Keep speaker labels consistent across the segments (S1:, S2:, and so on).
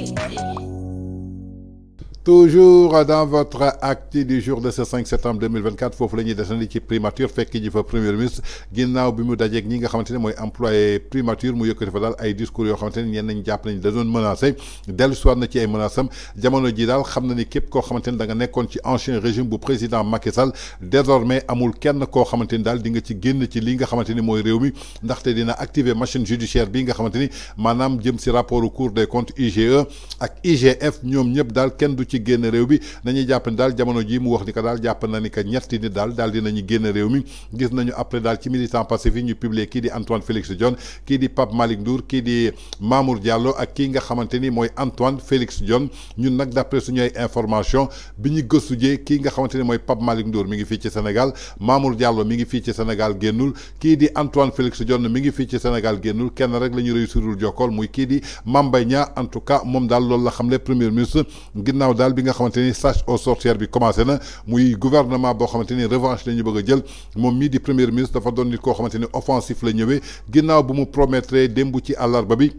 S1: Yeah. toujours dans votre acte du jour de ce 5 septembre 2024 vous la des desandi ci primature fekk ji fa premier ministre ginnaaw bi mu dajeeg ñi nga xamante ne employé primature mu yëkkati fa daal ay discours yoo xamante ne de nañ jàpp nañ da doon menacé dellu si waat na ci ay menaces am jamono ji daal xam ni képp da nga ancien régime bu président Macky Sall désormais amul kenn ko xamante dal di nga ci génn ci li nga xamante moy mooy réew mi ndaxte dina activer machine judiciaire bi nga xamante manam jëm ci rapport Cour des comptes IGE ak IGF ñom ñëpp dal kenn du ci génn réew bi nañuy jàpp ni daal jamono ji mu wax ni que daal jàpp na ni que ñetti nit daal daal dinañu génn réew mi gis nañu après daal ci militant pacifique ñu publier kii di Antoine Félix Diome kii di Antoine Félix Diome ñun nag d'après suñu ay information kii nga xamante ni mooy Pape ngi fii ci Sénégal génnul kii di Antoine Félix Diome mi ngi fii ci Sénégal génnul kenn rek la réussirul jokkool muy kii di Mame en tout cas moom daal loolu la xam premier ministre daal bi nga xamante ni chasse aux bi commencé na muy gouvernement boo xamante ni revanche la ñu bëgg a jël moom mii di premier ministre dafa doon nit koo xamante ni offensif la ñëwee ginnaaw bu mu promettre démb ci àllarba bi.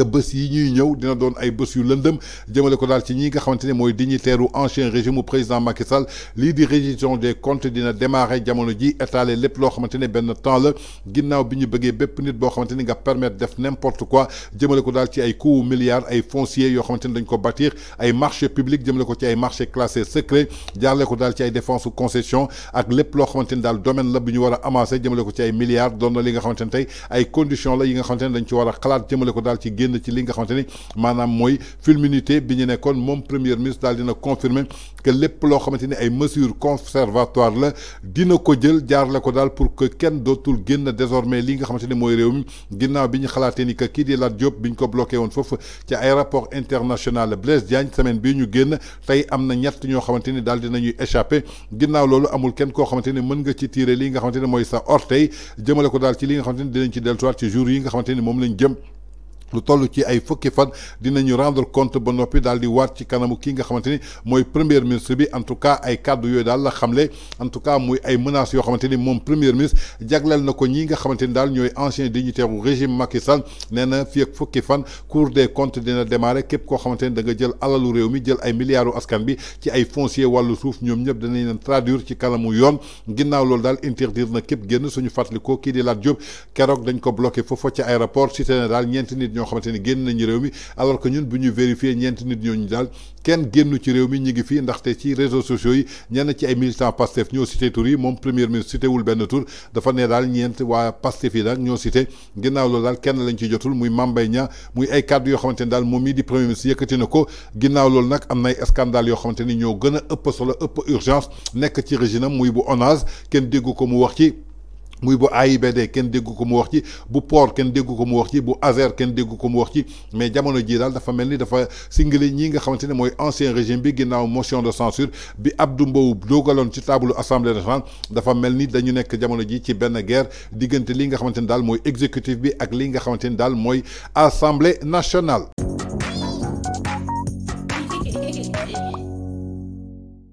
S1: que bés yi ñuy ñëw dina doon ay bés yu lëndëm jëmale ko daal ci ñi nga xamante ne mooy dignitaire u ancien régime mu président Macky Sall lii di révision des comptes dina démarré jamono ji étalé lépp loo xamante ne benn temps la ginnaaw bi ñu bëggee bépp nit boo xamante ni nga permettre def n'importe quoi jëmale ko daal ci ay coûts milliards ay foncier yoo xamante ne dañ ko bâtir ay marchés publics jëmale ko ci ay marchés classés secrets jaarale ko daal ci ay défense concession ak lépp loo xamante ni daal domaine la bu ñu war a amasser jëmale ko ci ay milliards doon na li nga xamante ne tey ay conditions la yi nga xamante ne dañ ci war a xalaat jëmale ko daal ci génn génn ci li nga xamante ni maanaam mooy fulminité bi ñu nekkoon moom premier ministre daal dina confirmer que lépp loo xamante ni ay mesures conservatoires la dina ko jël jaar la ko daal pour que kenn dootul génn désormais li nga xamante ni mooy réew mi ginnaaw bi ñu xalaatee ni que kii di Lat Diop bi ñu ko bloqué woon foofu ci aéroport international Blaise Diagne semaine bii ñu génn tey am na ñett ñoo xamante ni daal dinañuy échappé ginnaaw loolu amul kenn koo xamante ni mën nga ci tiré li nga xamante ni mooy sa orteil jëmale ko daal ci li nga xamante ni dinañ ci dellusiwaat ci jour yi nga xamante ni moom lañ jëm. lu toll ci ay fukki fan dina ñu rendre compte ba noppi daal di waat ci kanamu kii nga xamante ni mooy premier ministre bi en tout cas ay kàddu yooyu daal la xamle en tout cas muy ay menaces yoo xamante ni moom premier ministre jagleel na ko ñi nga xamante ni daal ñooy ancien dignitaire u régime Macky Sall nee na fii ak fukki fan cour des comptes dina démarrer képp koo xamante ni da jël alalu réew mi jël ay milliards askan bi ci ay foncier wàllu suuf ñoom ñëpp danañ leen traduire ci kanamu yoon ginnaaw loolu daal interdire na képp génn suñu fàttalikoo kii di Lat Diop keroog dañ ko bloqué foofa ci aéroport nit ñoo xamante ni génn nañu réew mi alors que ñun bu ñu vérifier ñeenti nit ñooñu daal kenn génnu ci réew mi ñu ngi fii ndaxte ci réseaux sociaux yi ñenn ci ay militants Pastef ñoo cité tur yi moom premier ministre cité wul benn tur dafa ne daal ñeent waa Pastef yi daal ñoo cité ginnaaw loolu daal kenn lañ ci jotul muy Mame Mbaye Niang muy ay kàddu yoo xamante ni daal moom mii di premier ministre yëkkati na ko ginnaaw loolu nag am na ay scandale yoo xamante ni ñoo gën ëpp solo ëpp urgence nekk ci régime am muy bu ONAS kenn déggu ko mu wax ci. muy bu AIBD ken déggu ko mu wax ci bu por ken déggu ko mu wax ci bu azer ken déggu ko mu wax ci mais jamono ji dal dafa melni ni dafa singale ñi nga xamanteni moy ancien régime bi ginnaw motion de censure bi Abdou Mbow dogalon ci taabalu assemblée nationale dafa melni ni dañu nek jamono ji ci ben guerre diggante li nga xamanteni dal moy exécutif bi ak li nga xamanteni dal moy assemblée nationale.